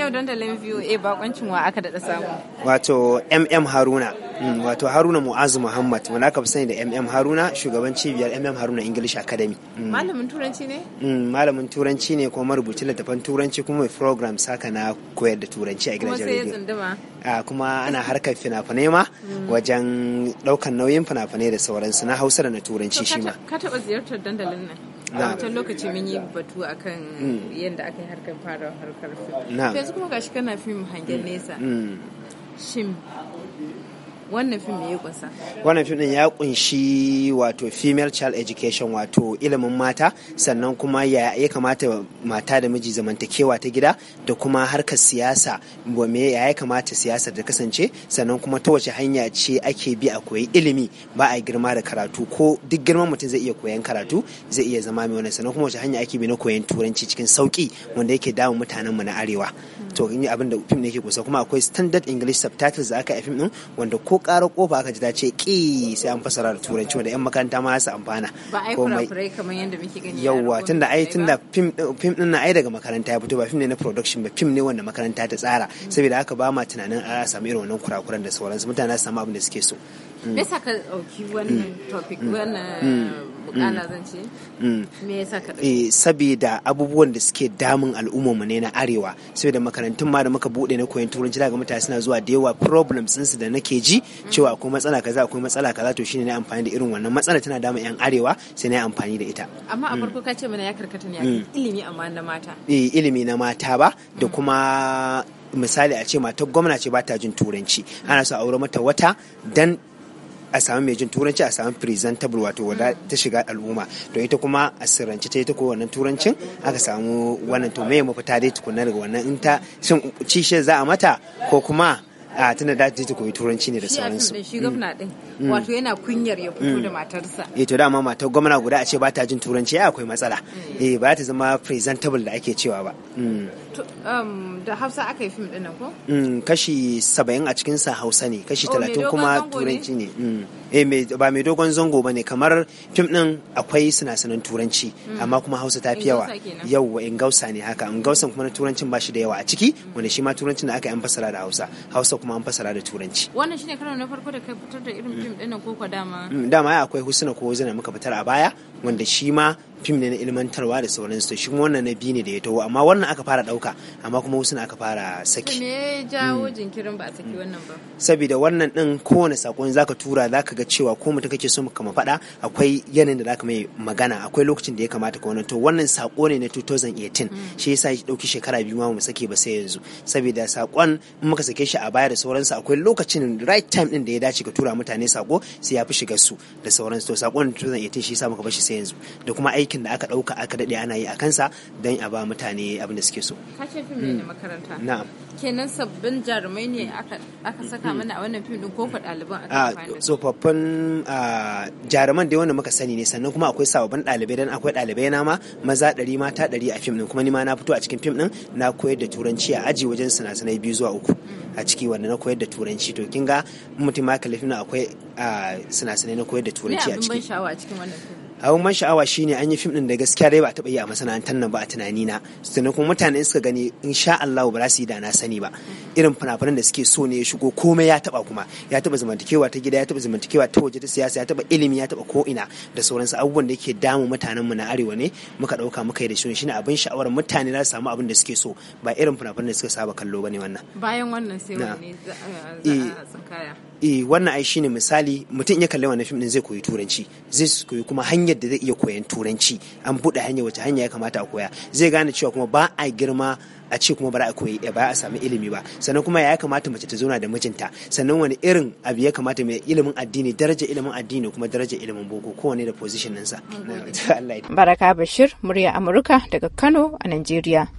Yau dandalin VOA bakoncin wa aka daɗa samu. Wato MM Haruna. Wato Haruna Mu'azu Muhammad wani aka fi sani da MM Haruna shugaban cibiyar MM Haruna English Academy. Mm. Malamin Turanci ne? Mm, malamin Turanci ne kuma marubuci littafan Turanci kuma mai program saka na koyar da Turanci a gida rediyo. Kuma ana harkar fina-finai ma mm. wajen ɗaukan nauyin fina-finai da sauransu na Hausa da na Turanci shi ma. Ka taɓa ziyartar dandalin nan? a wancan lokaci mun yi batu akan yadda aka yi harkar fara harkar fim yanzu kuma gashi kana fim hangen nesa mm. shin wannan fim ya kunsa wannan fim din ya kunshi wato female child education wato ilimin mata sannan kuma ya ya kamata mata da miji zamantakewa ta gida da kuma harkar siyasa me ya ya kamata siyasa da kasance sannan kuma ta wace hanya ce ake bi a koyi ilimi ba a girma da karatu ko duk girman mutum zai iya koyan karatu zai iya zama mai wannan sannan kuma wace hanya ake bi na koyan turanci cikin sauki wanda yake damun mutanen mu na arewa to in abin da fim ne yake kusa kuma akwai standard english subtitles da aka yi fim din wanda ko ko ƙarar kofa aka ji ta ce ki sai an fasara da turanci wanda yan makaranta ma su amfana ba ai kurakurai kamar yadda muke gani yawa tunda ai tunda fim din na ai daga makaranta ya fito ba fim ne na production ba fim ne wanda makaranta ta tsara mm. saboda haka ba ma tunanin a samu irin wannan kurakuran da sauransu mutane su samu abin da suke so me ka dauki wannan mm. topic mm. wannan bukala mm. zan ce mm. me yasa ka eh, saboda abubuwan da suke damun al'ummarmu ne na arewa saboda makarantun ma da muka bude na koyon turanci daga mutane suna zuwa da yawa problems ɗinsu da nake ji mm. cewa akwai matsala kaza akwai matsala kaza to shine na amfani da irin wannan matsala tana damun yan arewa sai na amfani da ita amma a farko ka ce mana ya karkata ne ilimi amma na mata eh ilimi na mata ba da kuma misali a ce mata gwamna ce ba ta jin turanci ana so aure mata wata dan a samu mai jin turanci a samu presentable wato wada mm. ta shiga al'umma to ita kuma a sirrance ta ita ko wannan turancin aka samu wannan to me mafita dai tukunna daga wannan in ta shin cishe za a mata ko kuma a tana da ta koyi turanci ne da sauransu. Shi gwamna mm. din mm. wato yana kunyar ya fito da matarsa. Eh to dama matar gwamna guda a ce ba ta jin turanci akwai matsala. Eh ba ta zama presentable da ake cewa ba. Um, da hausa aka yi fim ɗin ko? Mm, kashi saba'in a cikinsa hausa ne kashi oh, talatin kuma turanci ne mm. eh, ba mai dogon zango ba ne kamar fim din akwai sinasinan turanci mm. amma kuma hausa ta fi yawa yau in gausa ne haka in gausan kuma na turancin ba shi da yawa a ciki wanda shi ma turancin da aka yi an fasara da hausa hausa kuma an fasara da turanci wannan shine karo na farko da kai fitar da irin fim ɗin ko kwa dama dama akwai husna ko zina muka fitar a baya wanda shi ma fim ne na ilmantarwa da sauransu su shi wannan na biyu ne da ya taho amma wannan aka fara dauka amma kuma wasu aka fara saki me ya jawo hmm. jinkirin ba a saki hmm. wannan ba saboda wannan din kowane za zaka tura zaka ga cewa ko mutum kake so ka faɗa akwai yanayin da zaka mai magana akwai lokacin da ya kamata ka wannan to wannan sako ne na 2018 hmm. shi yasa ya dauki shekara biyu ma mu sake ba sai yanzu saboda sakon in muka sake shi a baya da sauransu akwai lokacin right time din da ya dace ka tura mutane sako sai ya fi shigar su da sauransu to sakon 2018 shi yasa muka bar shi sai yanzu da kuma aiki aikin da aka ɗauka aka daɗe ana yi a kansa don a ba mutane abin da suke so. Kashe fim ne hmm. na makaranta. Na'am. kenan sabbin jarumai ne aka saka mana a wannan fim din ko ɗaliban aka ah, tsofaffin ah, jaruman dai wanda muka sani ne sannan kuma akwai sababbin ɗalibai don akwai ɗalibai na ma maza ɗari mata ɗari a fim din kuma ni ma na fito a cikin fim din na koyar da turanci a aji wajen sinasinai biyu zuwa uku a ciki wanda na koyar da turanci to kin ga mutum ma kalifin akwai ah, sinasinai na koyar da turanci a ciki. abin man sha'awa shine an yi fim din da gaskiya dai ba a taɓa yi a masana'antar nan ba a tunani na sannan kuma mutane suka gani insha Allah ba za su yi da na sani ba irin fina-finan da suke so ne ya shigo komai ya taɓa kuma ya taɓa zamantakewa ta gida ya taɓa zamantakewa ta waje ta siyasa ya taɓa ilimi ya taɓa ko ina da sauransu abubuwan da yake damu mutanen mu na arewa ne muka ɗauka muka yi da shi shine abin sha'awar mutane za su samu abin da suke so ba irin fina-finan da suka saba kallo bane wannan bayan wannan sai wani eh, za a eh. tsinkaya eh wannan ai shine misali mutum ya kalli wannan fim din zai koyi turanci zai koyi kuma hanya hanyar da zai iya koyan turanci an buɗe hanya wace hanya ya kamata a koya zai gane cewa kuma ba a girma a ce kuma ba a koyi ba a sami ilimi ba sannan kuma ya kamata mace ta zauna da mijinta sannan wani irin abu ya kamata mai ilimin addini daraja ilimin addini kuma daraja ilimin boko kowane da position ɗinsa. Baraka Bashir, murya Amurka daga Kano a Najeriya.